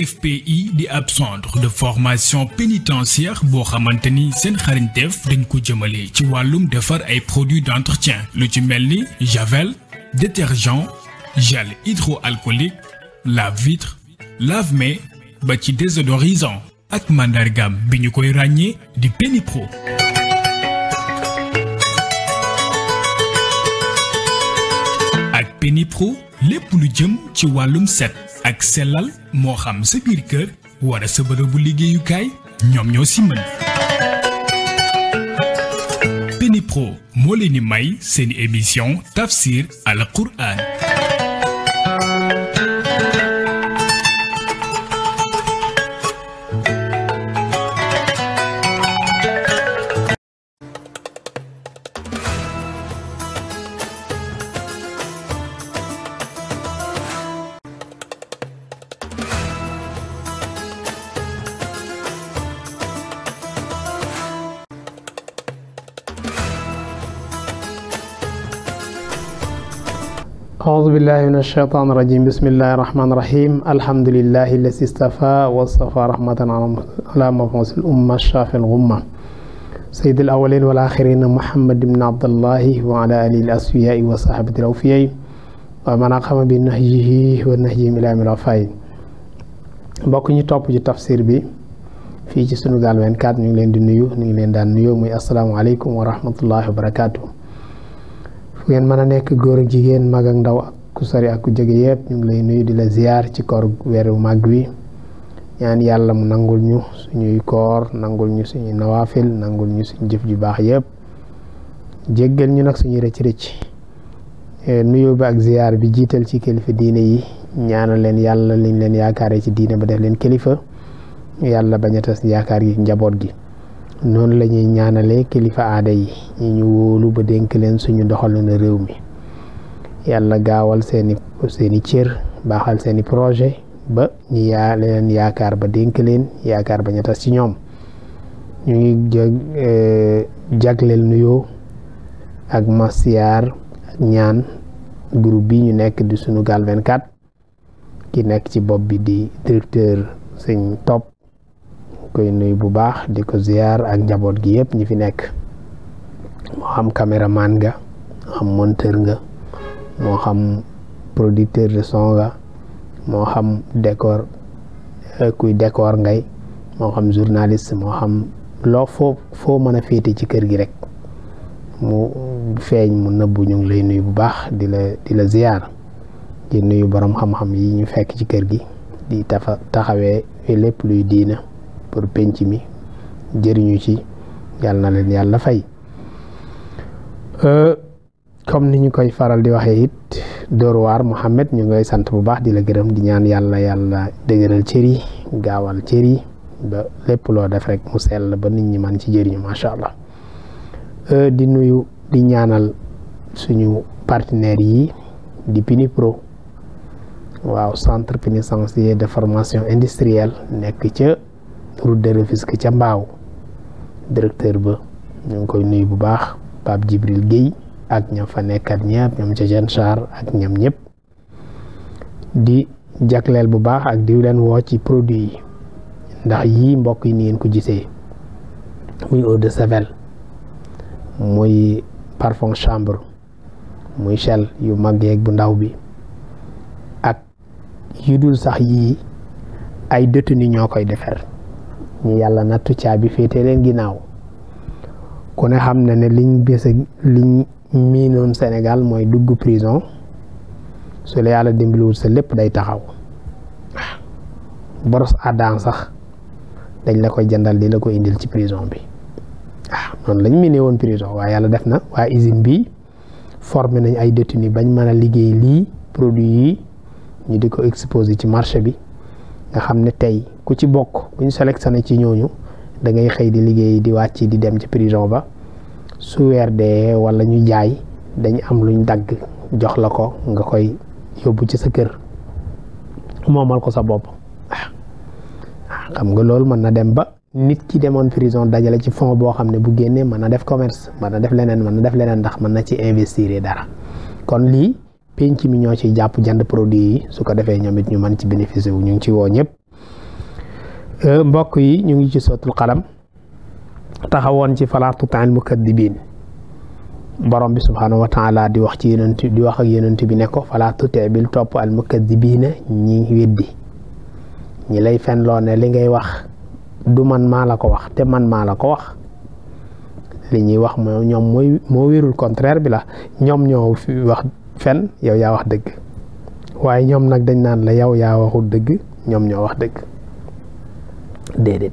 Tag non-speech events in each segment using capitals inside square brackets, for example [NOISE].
CFPI di ab centre de formation pénitentiaire boo xamante ni seen xarañteef dañ ko jëmale ci wàllum defar ay produits d'entretien lu ci mel ni javel détergent gel hydroalcoolique lave-vitre lave-mains ba ci désodorisant ak mandargam bi ñu koy ràññee di Pénipro. ak Pénipro lépp lu jëm ci wàllum set. ak sellal moo xam sa biir kër wala sa bërëbu liggéeyukaay ñoom ñoo si mën. Penipro moo leen di may seen émission tafsir al Qur'an. أعوذ بالله من الشيطان الرجيم بسم الله الرحمن الرحيم الحمد لله الذي استفى واصطفى رحمة على مفوز الأمة الشافي الغمة سيد الأولين والآخرين محمد بن عبد الله وعلى آله الأسوياء وصحبه الأوفياء ومن أقام بنهجه والنهج إلى يوم الوفاء mbokk ñu topp ci tafsir bi fii ci Sunugal 24 ñu ngi leen di nuyu ñu ngi leen daan nuyu muy asalaamaaleykum wa rahmatullahi wa barakaatuh fu ngeen mën a nekk góor jigéen mag ak ndaw ak ku sori ak ku jege yëpp ñu ngi lay nuyu di la ziar ci koor weeru màgg wi ñaan yàlla mu nangul ñu suñuy koor nangul ñu suñuy nawaafil nangul ñu suñu jëf ju baax yëpp jéggal ñu nag suñuy rëcc rëcc eh, nuyoo bi ak ziar bi jiital ci kilifa diine yi ñaanal leen yàlla liñ leen yaakaaree ci diine ba def leen kilifa yàlla bañ a tas yaakaar gi njaboot gi. noonu la ñuy ñaanale kilifa aada yi ñi ñu wóolu ba dénk leen suñu doxalinu réew mi yàlla gaawal seeni seeni cër baaxal seeni projet ba ñi yaa yaakaar ba dénk leen yaakaar ba ñu tas ci ñoom ñu ngi jag eh, jagleel nuyoo ak masiyaar ak ñaan groupe bi ñu nekk di Sunugal 24 ki nekk ci bopp bi di directeur sëñ topp koy nuyu bu baax di ko ziyaar ak njaboot gi yëpp ñi fi nekk moo xam caméraman nga moo xam monteur nga moo xam producteur de songa moo xam décor euh, kuy décor ngay moo xam journaliste moo xam loo foo foo mën a féete ci kër gi rek mu feeñ mu nëbbu ñu ngi lay nuyu bu baax di la di la ziyaar di nuyu borom xam-xam yi ñu fekk ci kër gi di tafa taxawee lépp luy diina pour penc mi jëriñu ci yàlla na leen yàlla fay euh, comme ni ñu koy faral di waxee it Dóor waar Mouhamed ñu ngay sant bu baax di la gërëm di ñaan yàlla yàlla dëgëral cër yi gaawal cër ba lépp loo def rek mu sell ba nit ñi man ci jëriñu macha allah euh, di nuyu di ñaanal suñu partenaires yi di Pinipro waaw centre pénitencier de formation industrielle nekk ca. autoroute de Rufisque ca mbaaw directeur ba ñu ngi koy nuyu bu baax Pape Djibril Guèye ak ñam fa nekkat ñëpp ñam ca Jean Char ak ñam ñëpp di jagleel bu baax ak di leen woo ci produit yi ndax yii mbokk yi ni ngeen ko gisee muy eau de muy parfum chambre muy chel yu mag geek bu ndaw bi ak yu dul sax yii ay détenu ñoo koy defar ñi yàlla nattu caabi féete leen ginnaaw ku ne xam na ne liñ bés liñ miinoon senegal mooy dugg prison su la yàlla dimbaliwul sa lépp day taxaw bors boros àddaan sax dañ la koy jëndal di la ko indil ci prison bi ah noonu lañ miinee woon prison waaye yàlla def na waa usine bi formé nañ ay détenus bañ mën a liggéey lii produit yi ñu di ko exposé ci marché bi nga xam ne tey ku ci bokk ku ñu sélectionné ci ñooñu da ngay xëy di liggéey di wàcc di dem ci prison ba su weer dee walla ñu jaay dañ am luñ dagg jox la ko nga koy yóbbu ci sa kër moomal ko sa bopp ah, ah, xam nga loolu mën na dem ba nit ki demoon prison dajale ci fond boo xam ne bu génnee mën na def commerce mën na def leneen mën na def leneen ndax mën na ci investir dara kon lii penc mi ñoo ci jàpp jënd produit yi su ko defee ñoom it ñu mën ci bénéficier wu ñu ngi ci woo ñëpp euh, mbokk yi ñu ngi ci sotul xalam taxawoon ci falaa tuti'il mukaddibiin borom bi subhaanahu wa taala di wax ci yonent di wax ak yonent bi ne ko falaa tuti' topp al mukaddibiina ñi weddi ñi lay fenloo ne li ngay wax du man maa la ko wax te man maa la ko wax li ñuy wax moo ñoom mooy moo wérul contraire bi la ñoom ñoo wax fen yow yaa wax dëgg waaye ñoom nag dañ naan la yow yaa waxul dëgg ñoom ñoo wax dëgg déedéet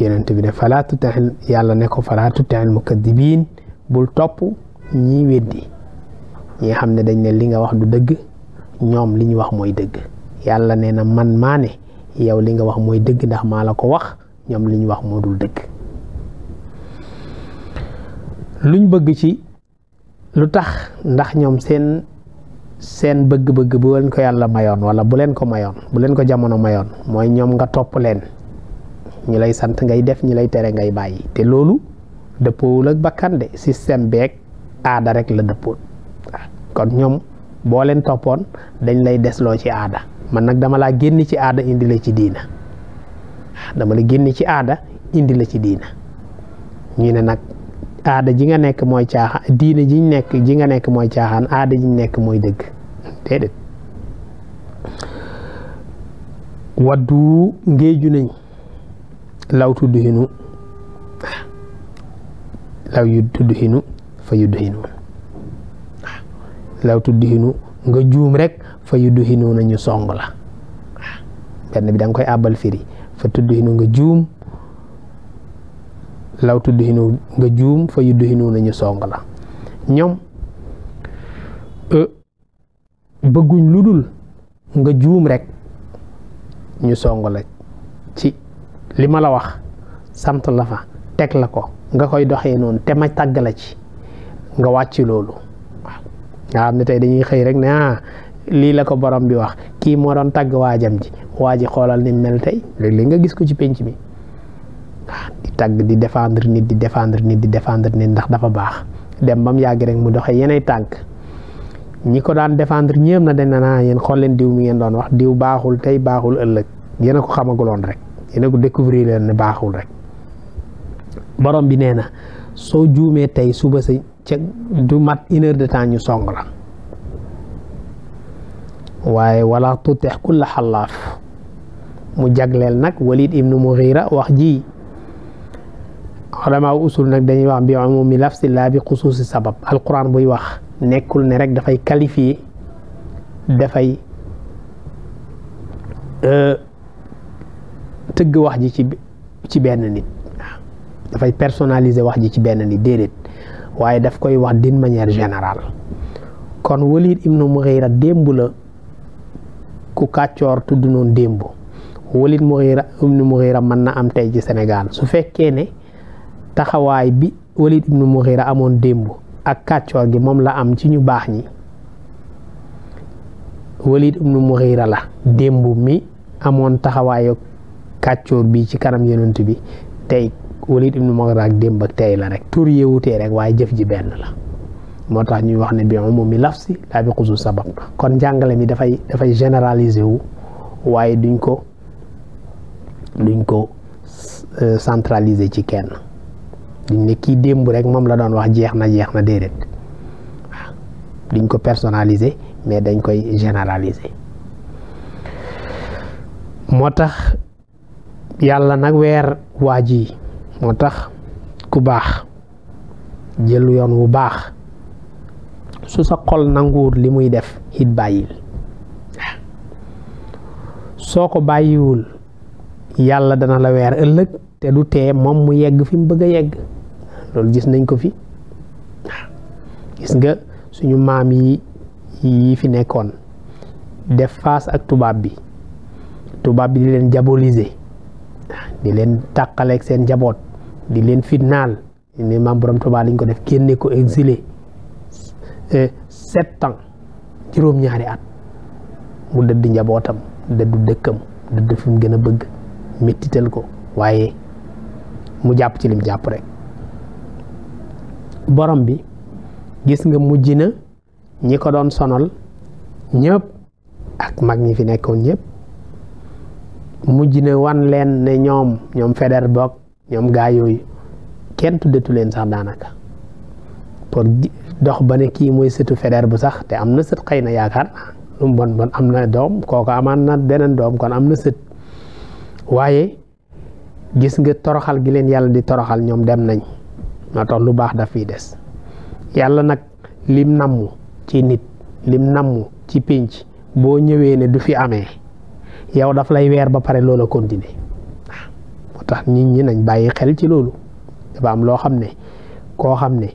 yonent bi ne falaa tuti'il yàlla ne ko falaa tuti'il mukaddibiin bul topp ñi weddi ñi xam ne dañ ne li nga wax du dëgg ñoom li ñu wax mooy dëgg yàlla ne na man maa ne yow li nga wax mooy dëgg ndax maa la ko wax ñoom li ñu wax moo dul dëgg luñ bëgg lu tax ndax ñoom seen seen bëgg-bëgg bu leen ko yàlla mayoon wala bu leen ko mayoon bu leen ko jamono mayoon mooy ñoom nga topp leen ñu lay sant ngay def ñi lay tere ngay bàyyi te loolu dëppoowul ak bakkande de système beeg aada rek la dëppoon kon ñoom boo leen toppoon dañ lay desloo ci aada man nag dama laa génn ci aada indi la ci diina dama génn ci aada indi la ci diina ñu ne nag aada ji nga nekk mooy caaxaan nekk ji nga nekk mooy caaxaan aada ji nekk mooy dëgg déedéet waddu ngéeju nañ law tudd hinu law fa yudd hinu law tudd hinu nga juum rek fa yudd hinu nañu song la benn bi da nga koy àbbal firi fa tudd hinu nga juum law tudhinu nga juum fa yudhinu nañu song la ñoom e, bëgguñ lu dul nga juum rek ñu song la ci li ma la wax sant la fa teg la ko nga koy doxee noonu te ma tàgg la ci nga wàcc loolu waaw nga xam ne tey dañuy xëy rek ne ah lii la ko borom bi wax kii moo doon tàgg waajam ji waa ji xoolal ni mel tey léeg nga gis ko ci pénc mi tagg di défendre nit di défendre nit di défendre nit ndax dafa baax dem ba mu yàgg rek mu doxee yeneen tànk ñi ko daan défendre ñépp na dañ naa ah, yéen xool leen diw mi ngeen doon wax diw baaxul tey baaxul ëllëg yéen a ko xamaguloon rek yéen a ko découvrir leen ne baaxul rek borom bi nee na soo juumee tey suba sa ca du mat une heure de temps ñu song la waaye wala tutex kulla xalaaf mu jagleel nag Walid ibnu Mughira wax ji xulamaa usul nag dañuy wax bi umumi lafsi laa bi xusuusi sabab alquran buy wax nekkul ne rek dafay qualifié dafay euh, tëgg wax ji ci benn nit dafay personnaliser wax ji ci benn nit déedéet waaye daf koy wax d'une manière général kon Walid ibnu Mughira démb la ku kàccoor tudd noonu démb Walid Mughira ibnu Mughira mën na am tey ci Sénégal su fekkee ne taxawaay bi Walid ibnu Mughira amoon démb ak kàccoor gi moom la am ci ñu baax ñi Walid ibnu Mughira la démb mi amoon taxawaayu kàccoor bi ci kanam yonent bi tey Walid ibnu Mughira ak démb ak tey la rek tur yee wutee rek waaye jëf ji benn la moo tax ñuy wax ne bi umumi lafsi laa bi xusu sabab kon njàngale mi dafay dafay généraliser wu waaye duñ ko duñ ko euh, centraliser ci kenn dañ ne kii démb rek moom la doon wax jeex na jeex na déedéet waaw ko personnaliser mais dañ koy généraliser moo tax yàlla nag weer waa ji moo tax ku baax jël yoon wu baax su sa xol nanguwul li muy def it bàyyil soo ko bàyyiwul yàlla dana la weer ëllëg te du tee moom mu yegg fi mu bëgg a yegg loolu gis nañ ko fi gis nga suñu maam yi yi fi nekkoon def face ak tubaab bi tubaab bi di leen diaboliser di leen tàqaleeg seen njaboot di leen fitnaal ne maam borom tubaab lañ ko def génne ko exilé eh, sept ans juróom-ñaari at mu dëdd njabootam dëddu dëkkam dëdd fi mu gën a bëgg méttital ko waaye mu jàpp ci lim jàpp rek borom bi gis nga mujj na ñi ko doon sonal ñëpp ak mag ñi fi nekkoon ñëpp mujj na wan leen ne ñoom ñoom feder boog ñoom gaa yooyu kenn tuddatu leen sax daanaka pour dox ba ne kii mooy sëtu feder bu sax te am na sët xëy na yaakaar lu mu bon bon am na doom kooku amaan na beneen doom kon am na sët waaye gis nga toroxal gi leen yàlla di toroxal ñoom dem nañ moo tax lu baax daf fiy des yàlla nag lim namm ci nit lim namm ci pénc boo ñëwee ne du fi amee yow daf lay weer ba pare loola continuer moo tax nit ñi nañ bàyyi xel ci loolu am loo xam ne koo xam ne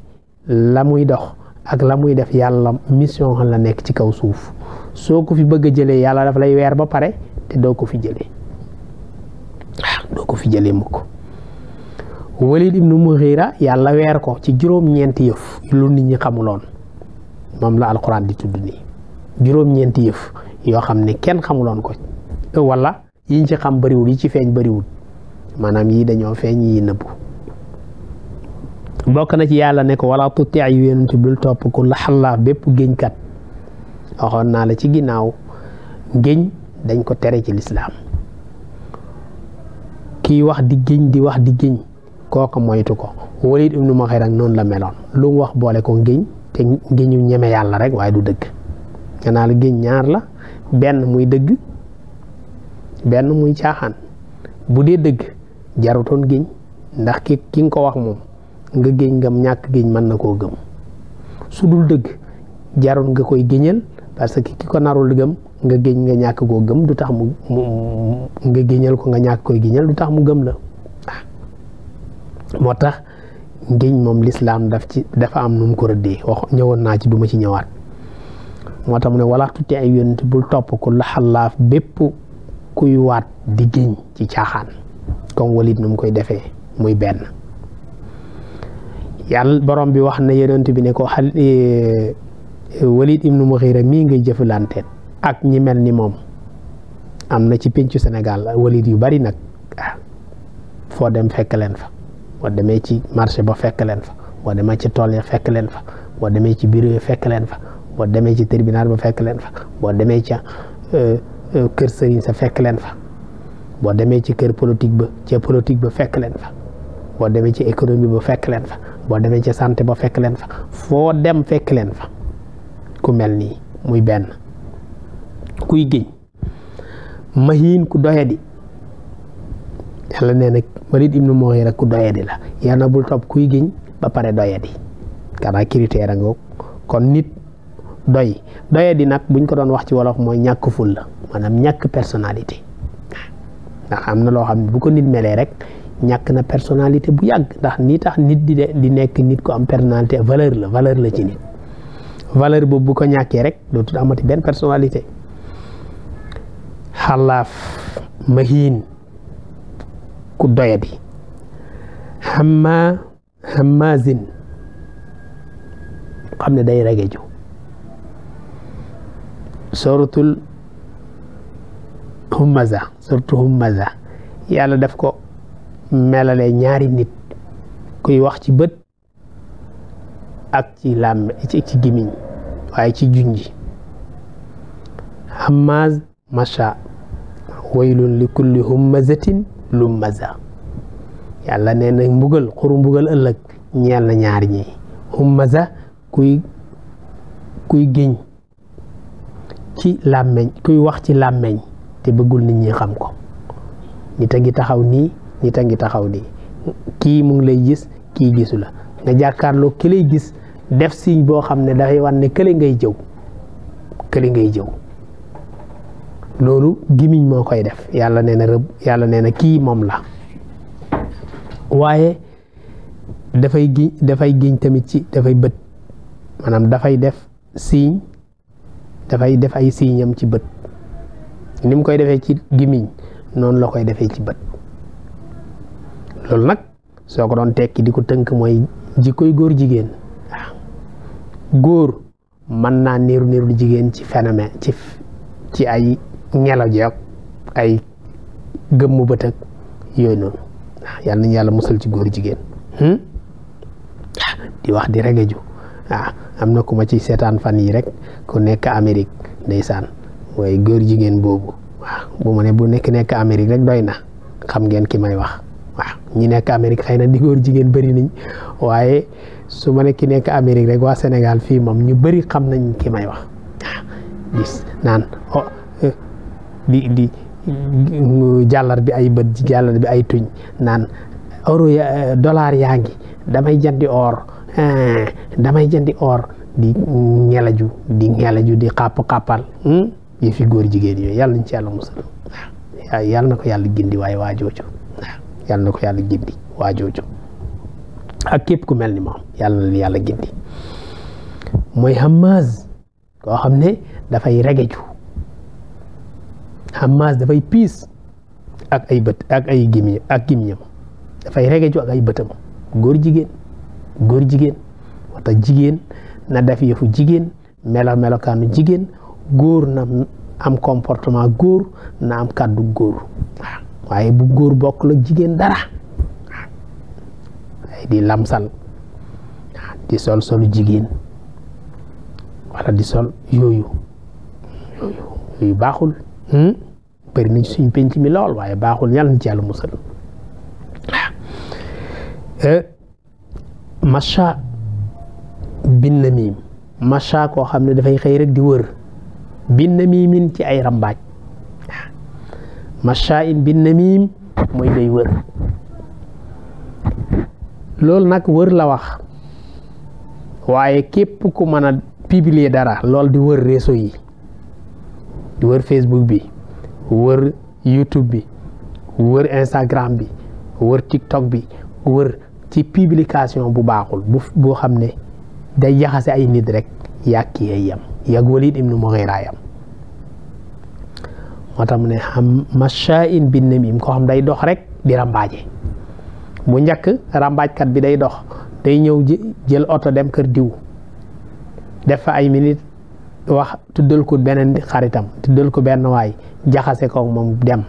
la muy dox ak la muy def yàlla mission la nekk ci kaw suuf soo ko fi bëgg a jëlee yàlla daf lay weer ba pare te doo ko fi jëlee ko fi jëlee mukk Walid ibnu Mughira yàlla weer ko ci juróom-ñeenti yëf lu nit ñi xamuloon moom la alxuraan di tudd nii juróom-ñeenti yëf yoo xam ne kenn xamuloon ko wala yiñ ci xam bariwul yi ci feeñ bariwul maanaam yii dañoo feeñ yii nëbbu bokk na ci yàlla ne ko wala tutti ay yonent bul topp ku la xalaaf bépp géñkat waxoon naa la ci ginnaaw géñ dañ ko tere ci lislaam kiy wax di géñ di wax di géñ kooka moytu ko Walid ibnu Mughira ak noonu la meloon lu wax boole ko ngéñ te ngéñu ñeme yàlla rek waaye du dëgg nga naa ñaar la benn muy dëgg benn muy caaxaan bu dee dëgg jarutoon géñ ndax ki ki nga ko wax moom nga géñ ngam ñàkk géñ mën na koo gëm su dëgg jarul nga koy géñal parce que ki ko narul gëm nga géñ nga ñàkk koo gëm du tax mu nga géñal ko nga ñàkk koy géñal du tax mu gëm la moo tax ngéñ moom lislaam daf ci dafa am nu mu ko rëddee wax ñëwoon naa ci duma ci ñëwaat moo tax mu ne wala tuuti ay yonent bul topp ku la xalaaf bépp kuy waat di géñ ci caaxaan comme walit nu mu koy defee muy benn yàlla borom bi wax na yonent bi ne ko xal eh, Walid ibnu Mughira mii ngay jëflanteel ak ñi mel ni moom am na ci péncu Sénégal Walid yu bari nag foo dem fekk leen fa boo demee ci marché boo fekk leen fa boo demee ci tool ya fekk leen fa boo demee ci bureau ya fekk leen fa boo demee ci tribunal ba fekk leen boo demee ca kër sëriñ sa fekk leen fa boo demee ci kër politique ba ca politique ba fekk leen fa boo demee ci économie boo fekk leen fa boo demee ci santé boo fekk leen fa foo dem fekk leen fa ku mel nii muy benn kuy giñ mahiin ku doyadi yàlla nee na Walid ibnu Mughira ku doyadi la yàlla bul topp kuy giñ ba pare doyadi kana critère nga kon nit doy doyadi nag buñ ko doon wax ci wolof mooy ñàkk ful la maanaam ñàkk personnalité ndax am na loo xam ne bu ko nit melee rek ñàkk na personnalité bu yàgg ndax nii tax nit di de di nekk nit ko am personnalité valeur la valeur la ci nit valeur boobu bu ko ñàkkee rek dootul amati benn personnalité xalaaf mahiin ku doyadi xamma xammazin xam ne day rageju sooratul hummaza sooratul hummaza yàlla daf ko melale ñaari nit kuy wax ci bët ak ci làmm ci ci gimiñ waaye ci junji hamaz masha waylun li kulli humazatin lumaza yàlla nee na mbugal xuru mbugal ëllëg ñeel na ñaar ñi humaza kuy kuy géñ ci làmmeñ kuy wax ci làmmeñ te bëggul nit ñi xam ko nit a ngi taxaw nii nit a ngi taxaw nii mu ngi lay gis kii gisu la nga jàkkaarloo këlay gis def signe boo xam ne dafay wan ne kële ngay jëw kële ngay jëw loolu gimiñ moo koy def yàlla nee na rëbb yàlla nee na kii moom la waaye dafay giñ dafay giñ tamit ci dafay bët maanaam dafay def signe dafay def ay signam ci bët ni koy defee ci gimiñ noonu la koy defee ci bët loolu nag soo ko doon tekki di ko tënk mooy jikkoy góor jigéen waaw góor mën naa niiru niiru jigéen ci phénomène ci ci ay ngelaw ji ak ay gëmmu bët ak yooyu noonu waaw yàlla musal ci góor jigéen hmm? di wax di regeju am na ku ma ci seetaan fan yi rek ku nekk Amérique ndeysaan waaye góor jigéen boobu waaw bu ma ne bu nekk nekk Amérique rek doy na xam ngeen ki may wax waaw ñi nekk Amérique xëy na di góor jigéen bari nañ waaye suma ma nekk Amérique rek waa senegal fii moom ñu bari xam nañ ki may wax waaw oh, eh, di di bi ay bët jàllar bi ay tuñ naan euro eh, dollar yaa ngi damay jëndi or eh, damay jëndi or di ju di ju di xàpp xàppal hmm, yi fi góor jigéen yooy yàlla ñu ci yàlla na ko yàlla gindi waaye waajooju yàlla na ko yàlla gindi waa jooju ak képp ku mel ni moom yàlla na yàlla gindi mooy Hamas koo xam ne dafay regeju Hamas dafay piis ak ay bët ak ay gimi ak gimiñam dafay regeju ak ay bëtam góor jigéen góor jigéen wata jigéen na def yëfu jigéen melo melokaanu jigéen góor na am comportement góor na am kàddu góor waaye bu góor bokk la jigéen dara waaye di lamsal di sol solu jigéen wala di sol yooyu yooyu yooyu baaxul hmm? bëri nañ suñ penc mi lool waaye baaxul yàlla na ci musal eh, macha bin namim macha koo xam ne dafay xëy rek di wër bin namimin ci ay rambaaj mashaa'in bin namim mooy day wër loolu nag wër la wax waaye képp ku mën a publier dara lool di wër réseau yi di wër Facebook bi wër YouTube bi wër Instagram bi wër TikTok bi wër ci publication bu baaxul bu boo xam ne day jaxase ay nit rek yak yay yam yàgg Walid ibnu Mughira yam moo mu ne xam mashaa'in bi namim ko xam day dox rek di ràmbaaje bu njëkk ràmbaajkat bi day dox day ñëw jël oto dem kër diw def fa ay minit wax tuddal ko beneen xaritam tuddal ko benn waay jaxase ko moom dem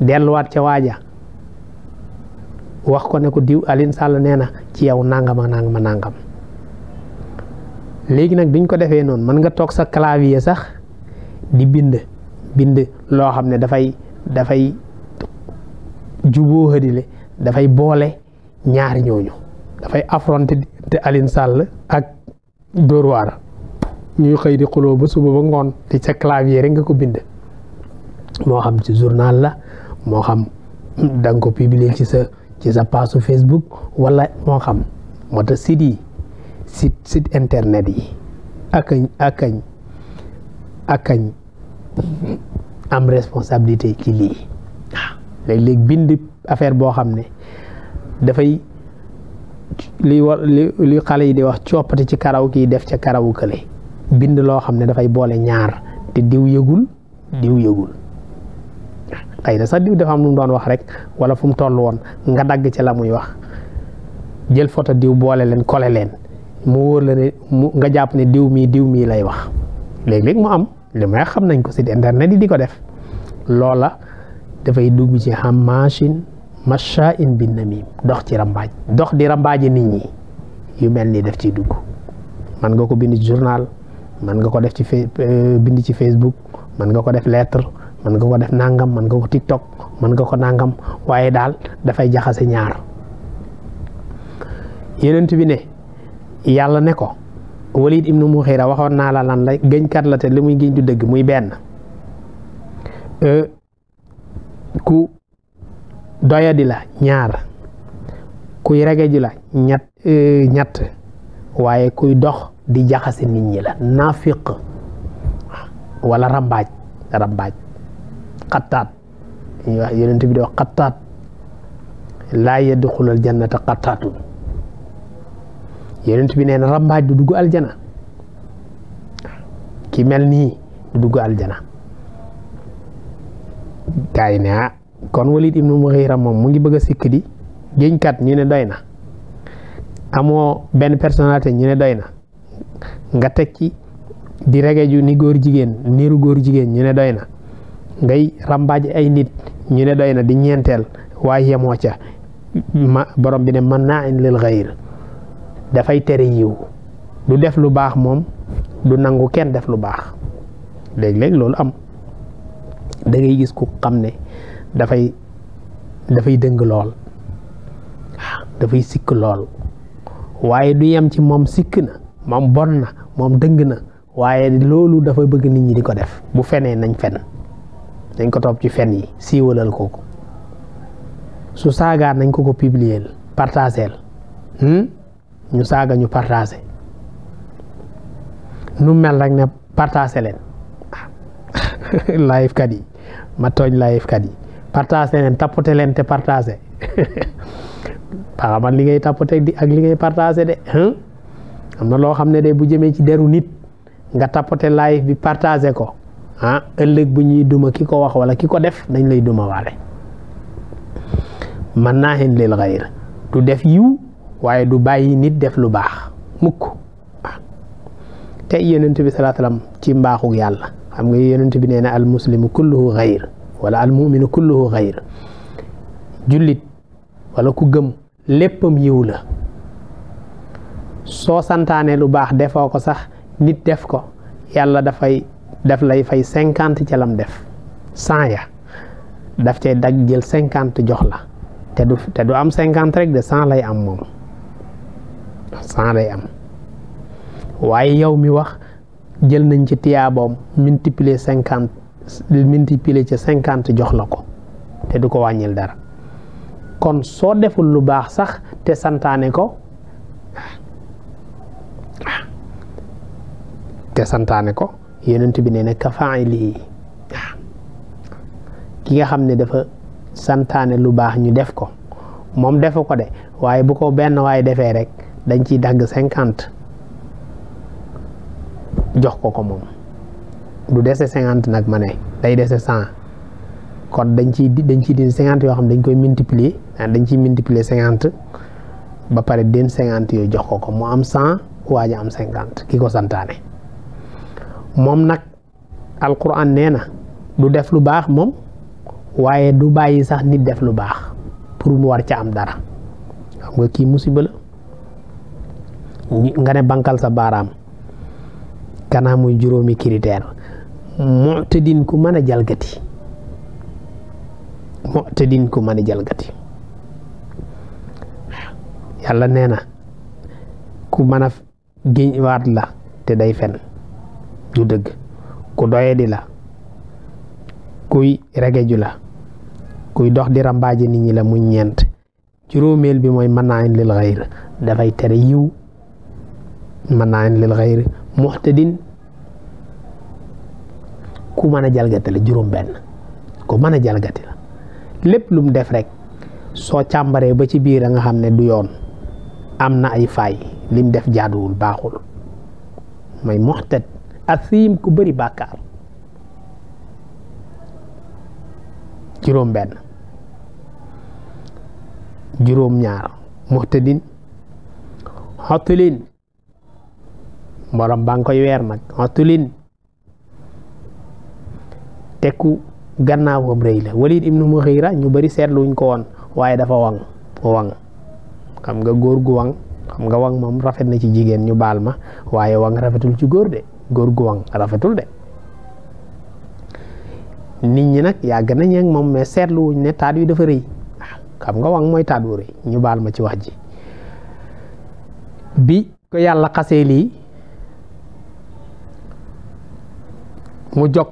delluwaat ca waaja wax ko ne ko diw Alioune Sall nee na ci yow nangama nangama nangam léegi nag biñ ko defee noonu mën nga toog sa clavier sax di bind bind loo xam ne dafay dafay juboo xëdile dafay boole ñaari ñooñu dafay affronté te Alioune Sall ak Dóor waar ñuy xëy di xuloo ba suba ba ngoon te ca clavier rek nga ko bind moo xam ci journal la moo xam da nga ko publier ci sa ci sa page Facebook wala moo xam moo tax site yi site site internet yi akañ akañ akañ am responsabilité ci lii waaw léeg bind affaire boo xam ne dafay li xale yi di wax coppati ci karaw kii def ca karawu kële bind loo xam ne dafay boole ñaar te diw yëgul diw yëgul xëy na sax diw dafa am lu mu doon wax rek wala fu mu toll woon nga dagg ci la muy wax jël photo diw boole leen kole leen mu wóor la ne nga jàpp ne diw mii diw mii lay wax léeg-léeg mu am li may xam nañ ko site internet yi di ko def loola dafay dugg ci xam machine macha in bi namim dox ci rambaaj dox di rambaaji nit ñi yu mel nii def ci dugg mën nga ko bind ci journal mën nga ko def ci euh, bind ci Facebook mën nga ko def lettre mën nga ko def nangam mën nga ko TikTok mën nga ko nangam waaye daal dafay jaxase ñaar yeneen bi yàlla ne ko. walid ibnu muxira waxoon naa la lan la gëñkat la te li muy gëñ du dëgg muy benn ku doyadi la ñaar kuy rege la ñett waaye kuy dox di jaxase nit ñi la naafiq wala rambaaj rambaaj xattaat yonent bi di wax xattaat laa yadxulul jannata xattaatun yonent bi nee na rambaaj du dugg aljana ki mel ni du dugg aljana gaa ne ah kon Walid ibnu Mughira moom mu ngi bëgg a sikk di géñkat ñu ne doy na amoo benn personnalité ñu ne doy na nga teg ci di rege ni góor jigéen niiru góor jigéen ñu ne doy na ngay rambaaj ay nit ñu ne doy na di ñeenteel waaye yemoo ca borom bi ne mën naa in lil dafay tere yiw du def lu baax moom du nangu kenn def lu baax léeg loolu am da ngay gis ku xam ne dafay dafay dëng lool dafay sikk lool waaye du yem ci moom sikk na moom bon na moom dëng na waaye loolu dafa bëgg nit ñi di ko def bu fenee nañ fen dañ ko toog ci fen yi siiwalal ko su saagaa nañ ko ko publier partageel hmm? ñu saaga ñu partagé nu mel rek ne partagé leen live [LAUGHS] kat yi ma tooñ live kat yi partagé leen tapoté leen te partagé [LAUGHS] paxaman li ngay tapoté di ak li ngay partagé de am na loo xam ne de bu jëmee ci deru nit nga tapoté live bi partagé ko ah ëllëg bu ñuy duma ki ko wax wala ki ko def dañ lay duma waale man naa xen lil xayr du def yiw waaye du bàyyi nit def lu baax mukk te yonent bi salaa salaam ci mbaaxu yàlla xam nga yonent bi nee na al muslimu kulluhu xayr wala al muminu kulluhu xayr jullit wala ku gëm léppam yiw la soo santaane lu baax defoo ko sax nit def ko yàlla dafay def lay fay cinquante ca def cent ya daf cay dagg jël cinquante jox la te du te du am cinquante rek de cent lay am moom cent day am waaye yow mi wax jël nañ ci tiyaaboom multiplier cinquante multiplier cinquante jox la ko te du ko wàññil dara kon soo deful lu baax sax te santaane ko te santaane ko yonent bi nee na lii ki nga xam ne dafa santaane lu baax ñu def ko moom defu ko de waaye bu ko benn waaye defee rek dañ ciy dagg cinquante jox ko ko moom du dese cinquante nag ma ne day dese cent kon dañ ciy dañ ciy dindi cinquante yoo xam dañ koy multiplier ah, dañ ciy multiplier cinquante ba pare den cinquante yooyu jox ko ko mu am cent waa am cinquante ki ko santaane moom nag alquran nee na du def lu baax moom waaye du bàyyi sax nit def lu baax pour mu war ca am dara xam nga kii musiba la nga ne bankal sa baaraam kanaa muy juróomi critère mu'tadin ku mën a jalgati mu'tadin ku mën a jalgati yàlla nee na ku mën a giñ waat la te day fen du dëgg ku doyadi la kuy regeju la kuy dox di rambaaje nit ñi la mu ñeent juróomeel bi mooy mën naa lil xayr dafay tere yiw naa manaan lil xayri muxtadin ku mën a jalgati la juróom benn ku mën a jalgati lépp lum def rekk soo càmbaree ba ci biir a nga xam ne du yoon am na ay fay lim def jaaduwul baaxul mooy muxtad asiim ku bëri bàkkaar juróom benn juróom ñaar muxtadin xotulin borom baa nga koy weer nag otulin ah, tekku gannaawam rëy la Walid ibnu Mughira ñu bari seetluwuñ ko woon waaye dafa waŋ waŋ xam nga góor gu waŋ xam nga waŋ moom rafet na ci jigéen ñu baal ma waaye waŋ rafetul ci góor de góor gu rafetul de nit ñi nag yàgg nañ ak moom mais seetluwuñ ne taat wi dafa rëy ah, nga waŋ mooy taat wu rëy ñu baal ma ci wax ji bi ko yàlla xasee mu jog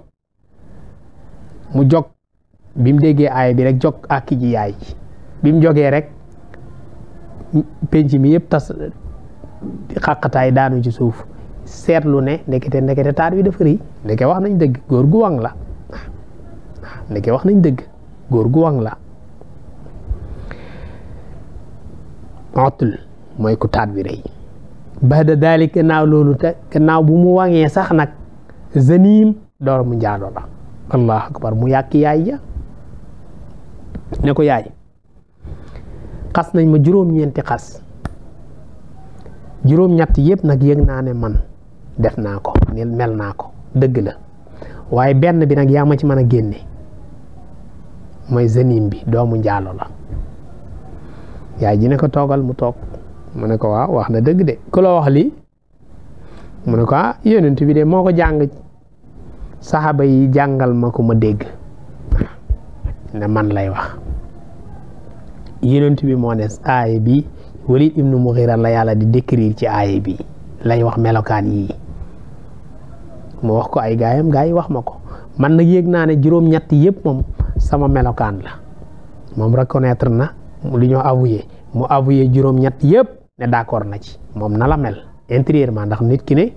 mu jog bi mu déggee aay bi rek jog àkki ji yaay bi mu jogee rek penc mi yëpp tas xàqataay daanu ci suuf seetlu ne ndekete ndekete taat wi dafa rëy ndeke wax nañ dëgg góor gu waŋ la ndeke wax nañ dëgg góor gu waŋ la otul mooy ku taat bi rëy bada daalik gannaaw loolu te gannaaw bu mu waŋee sax nag zanim doomu njaalo la allahu akbar mu yàq yaay ja ne ko yaay xas nañ ma juróom-ñeenti xas juróom-ñett yëpp nag yëg naa ne man def naa ko mel naa ko dëgg la waaye benn bi nag yaa ma ci mën a génne mooy zenim bi doomu njaalo la yaay ji ne ko toogal mu toog mu ne ko waaw wax na dëgg de ku la mu ne ko ah yonent bi de moo ko jàng saxaaba yi jàngal ma ko ma dégg ne man lay wax yonent bi moo ne aaye bi Walid ibnu Mughira yàlla di décrire ci aaye bi lay wax melokaan yii mu wax ko ay gaayam gaa yi wax ma ko man nag yéeg naa ne juróom-ñett yëpp moom sama melokaan la moom reconnaître na li ñoo avoué mu avoué juróom-ñett yëpp ne d'accord na ci moom na la mel intérieurement ndax nit ki ne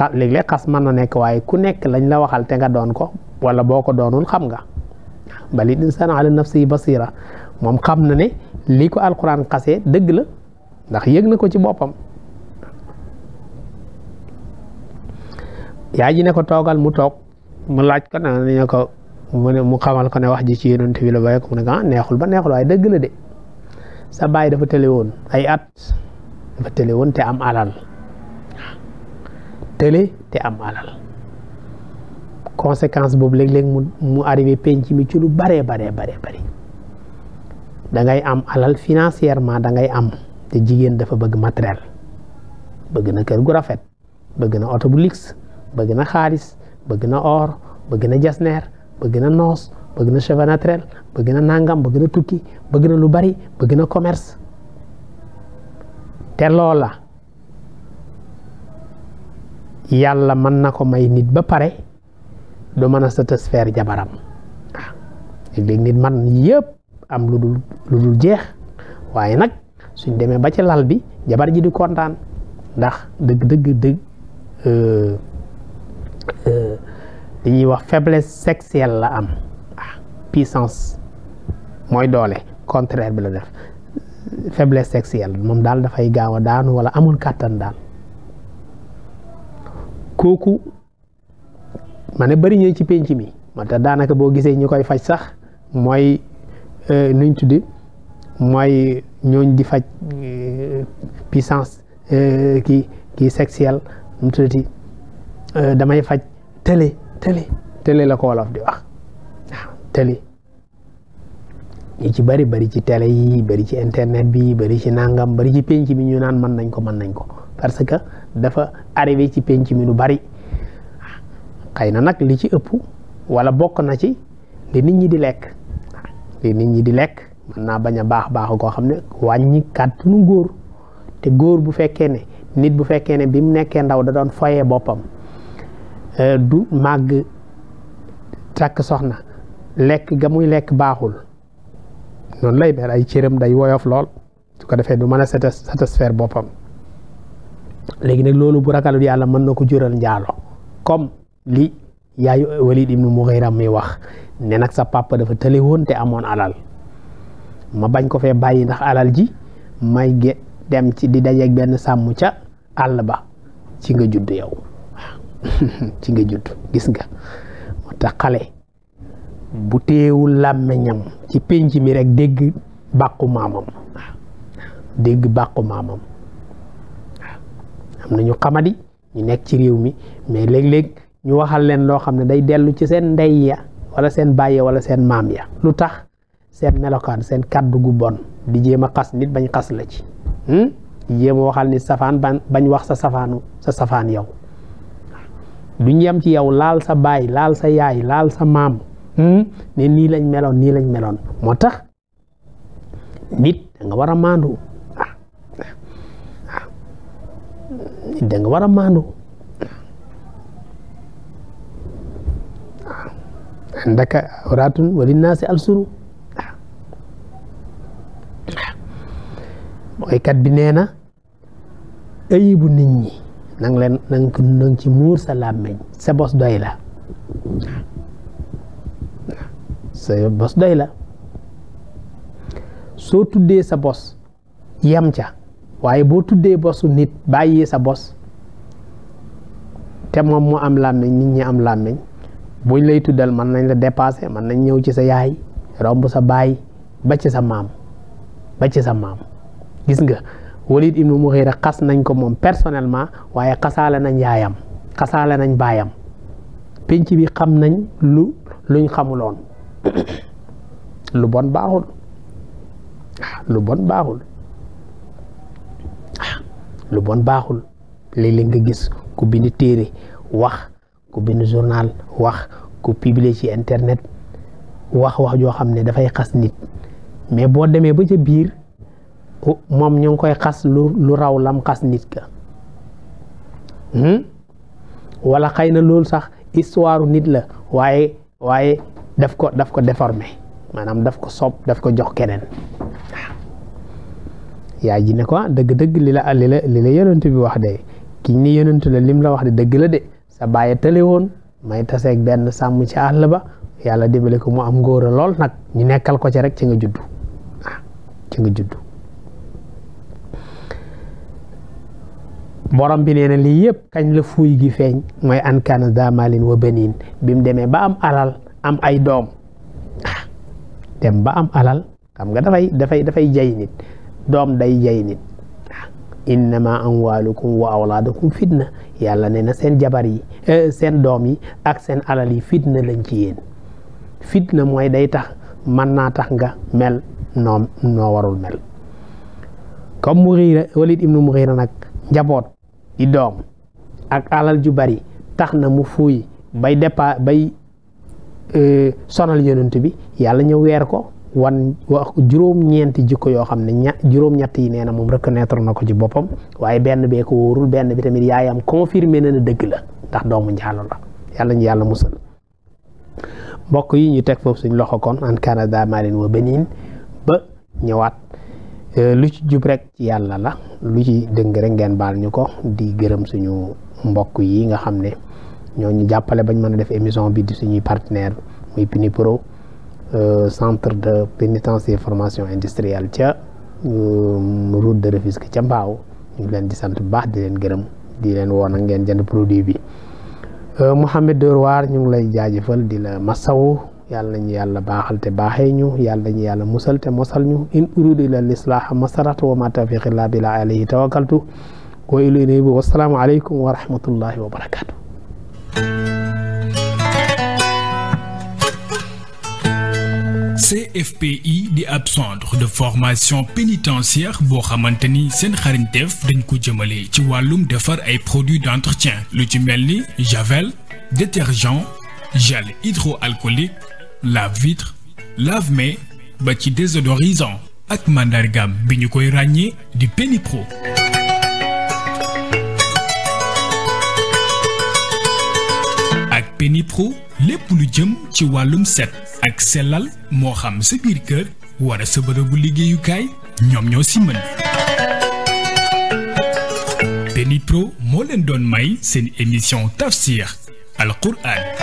xas léeg-léeg xas na nekk waaye ku nekk lañ la waxal te nga doon ko wala boo ko doonul xam nga balil insaan ala nafsi basira moom xam na ne lii ko alquran xasee dëgg la ndax yëg na ko ci boppam yaay ji ne toogal mu toog mu laaj ko na ne ko mu xamal ko ne wax ji ci yonent bi la bàyyi ko mu ne ah neexul ba neexul waaye dëgg la de sa baay dafa tële woon ay at dafa tële woon te am alal tële te am alal conséquence boobu lég léeg mu mu arrivé penc mi ci lu baree baree baree am alal financièrement da ngay am te jigéen dafa bëgg matériel bëgg na kër gu rafet bëgg na oto bu luxe bëgg na xaalis bëgg na or bëgg na jasneer bëgg na noos bëgg na cheveux bëgg na nangam bëgg na tukki bëgg na lu bari bëgg na commerce te loola yàlla mën na ko may nit ba pare du mën a satisfaire jabaram waaw léeg-léeg nit man yëpp am lu dul lu jeex waaye nag suñ demee ba ci lal bi jabar ji di kontaan ndax dëgg dëgg dëgg euh, euh, li ñuy wax faiblesse sexuelle la am ah puissance mooy doole contraire bi la def faiblesse sexuelle moom daal dafay gaaw a daanu wala amul kàttan daal kooku ma ne ñooy ci penc mi moo tax daanaka boo gisee ñu koy faj sax mooy euh, nuñ tuddi mooy ñooñ di faj euh, puissance euh, kii kii sexuelle mu damay faj tële tële tële la ko wolof di wax waaw tële ñi ci bari bëri ci télé yi bëri ci internet bi bëri ci nangam bëri ci penc bi ñu naan mën nañ ko mën nañ ko parce que dafa arrivé ci penc mi lu bari xëy na nag li ci ëpp wala bokk na ci li nit ñi di lekk li nit ñi di lekk mën naa bañ a baax baaxu koo xam ne wàññi kàttanu góor te góor bu fekkee ne nit bu fekkee ne bi mu nekkee ndaw da doon foyee boppam euh, du màgg takk soxna lekk ga muy lekk baaxul noon lay mel ay cëram day woyof lool su ko defee du mën a satisfaire boppam léegi nag loolu bu ragalul yàlla mën na ko jural njaalo comme li yaayu Walid ibnu Mughira mi wax ne nag sa papa dafa tële woon te amoon alal ma bañ ko fee bàyyi ndax alal ji may ge dem ci di dajeeg benn sàmm ca àll ba ci nga judd yow [LAUGHS] ci nga judd gis nga moo tax xale bu téewul làmmeñam ci pénc mi rek dégg bàqu maamam dégg bàqu maamam am na ñu xamadi ñu nekk ci réew mi mais léeg-léeg ñu waxal leen loo xam ne day dellu ci seen ndey ya wala seen baay ya wala seen maam ya lu tax seen melokaan seen kàddu gu bon di jéem a xas nit bañ xas la ci hmm? jéem a waxal nit safaan bañ wax sa safaanu safaan yow duñ yem ci yow laal sa baay laal sa yaay laal sa maam hmm? ne nii lañ meloon nii lañ meloon moo tax nit da nga war maandu nit da nga war a maandu waaw indaka awraatun wa linnaasi woykat bi nee na ayibu nit ñi nang leen nang nang ci muur sa làmmeñ sa bos doy la sa bos doy la soo tuddee sa bos yam ca waaye boo tuddee bosu nit bàyyi sa bos te moom mu am làmmiñ nit ñi am làmmiñ buñ lay tuddal mën nañ la dépassé mën nañ ñëw ci sa yaay romb sa baay ba ci sa maam ba ci sa maam gis nga Walid ibnu Mughira xas nañ ko moom personnellement waaye xasaale nañ yaayam xasaale nañ baayam penc bi xam nañ lu luñ xamuloon [COUGHS] lu bon baaxul lu bon baaxul lu bon baaxul léeg-léeg nga gis ku bind téere wax ku bind journal wax ku publier ci internet wax wax joo xam ne dafay xas nit mais boo demee ba ca biir moom ñu ngi koy xas lu lu raw lam xas nit ka hmm? wala xëy na loolu sax histoire nit la waaye waaye daf ko daf ko déformé maanaam daf ko sob daf ko jox keneen yaay ji ne ko dëgg-dëgg ah, li la li la la yonent bi wax de ki ni yonent la lim la wax de dëgg la de sa bàyyi tële woon may taseeg benn sàmm ci àll ba yàlla dimbale ko mu am ngóor lool nag ñu nekkal ko ci rek ci nga juddu ah nga juddu borom bi nee na lii yëpp kañ la fuuy gi feeñ mooy an kaana daa maalin wa baniin bi mu demee ba am alal am ay doom ah, dem ba am alal xam nga dafay dafay dafay jay nit doom day jay nit innama amwalukum wa awlaadukum fitna yàlla ne na seen jabar yi eh, seen doom yi ak seen alal yi fitna lañ ci fitna mooy day tax man naa tax nga mel noom warul mel comme Mughira Walid ibnu Mughira nag njaboot di doom ak alal ju bari tax na mu fuuy bay départ bay eh, sonal yonent bi yàlla ñëw weer ko wan wax juróom-ñeenti jikko yoo xam ne ña juróom-ñett yi nee na moom reconnaître na ko ci boppam waaye benn bee ko wóorul benn bi tamit yaayam confirmé na ne dëgg la ndax doomu njaalo la yàlla ñu yàlla musal mbokk yi ñu teg foofu suñ loxo kon an Canada Malin wa Benin ba ñëwaat euh, lu ci jub rek ci yàlla la lu ci dëng ngeen baal ñu ko di gërëm suñu mbokk yi nga xam ne ñoo ñu jàppale bañ mën a def émission bi di suñuy partenaire muy Pinipro Euh, centre de pénitence et formation industrielle ca euh, route de Rufisque ca Mbaaw ñu leen di sant bu baax di leen gërëm di leen woon ak ngeen jënd produit bi euh, Mouhamed Dóor waar ñu ngi lay jaajëfal di la masawu yàlla nañu yàlla baaxal te baaxee ñu yàlla nañu yàlla musal te mosal ñu in uridu ila lislaaha masaratu wa ma tawfiq illa billah alayhi tawakkaltu wa ilayhi wasalaamu aleykum wa rahmatullahi wa barakatu CFPI di ab centre de formation pénitentiaire boo xamante ni seen xarañteef dañ ko jëmale ci wàllum defar ay produits d'entretien lu ci mel ni javel détergent gel hydroalcoolique lave-vitre lave-mains ba ci désodorisant ak mandargam bi ñu koy ràññee di Pénipro. ak Pénipro lépp lu jëm ci wàllum set. ak sellal moo xam sa biir kër wara sa bërëbu liggéeyukaay ñoom ñoo si mën Benipro moo leen doon may seen émission tafsir al quran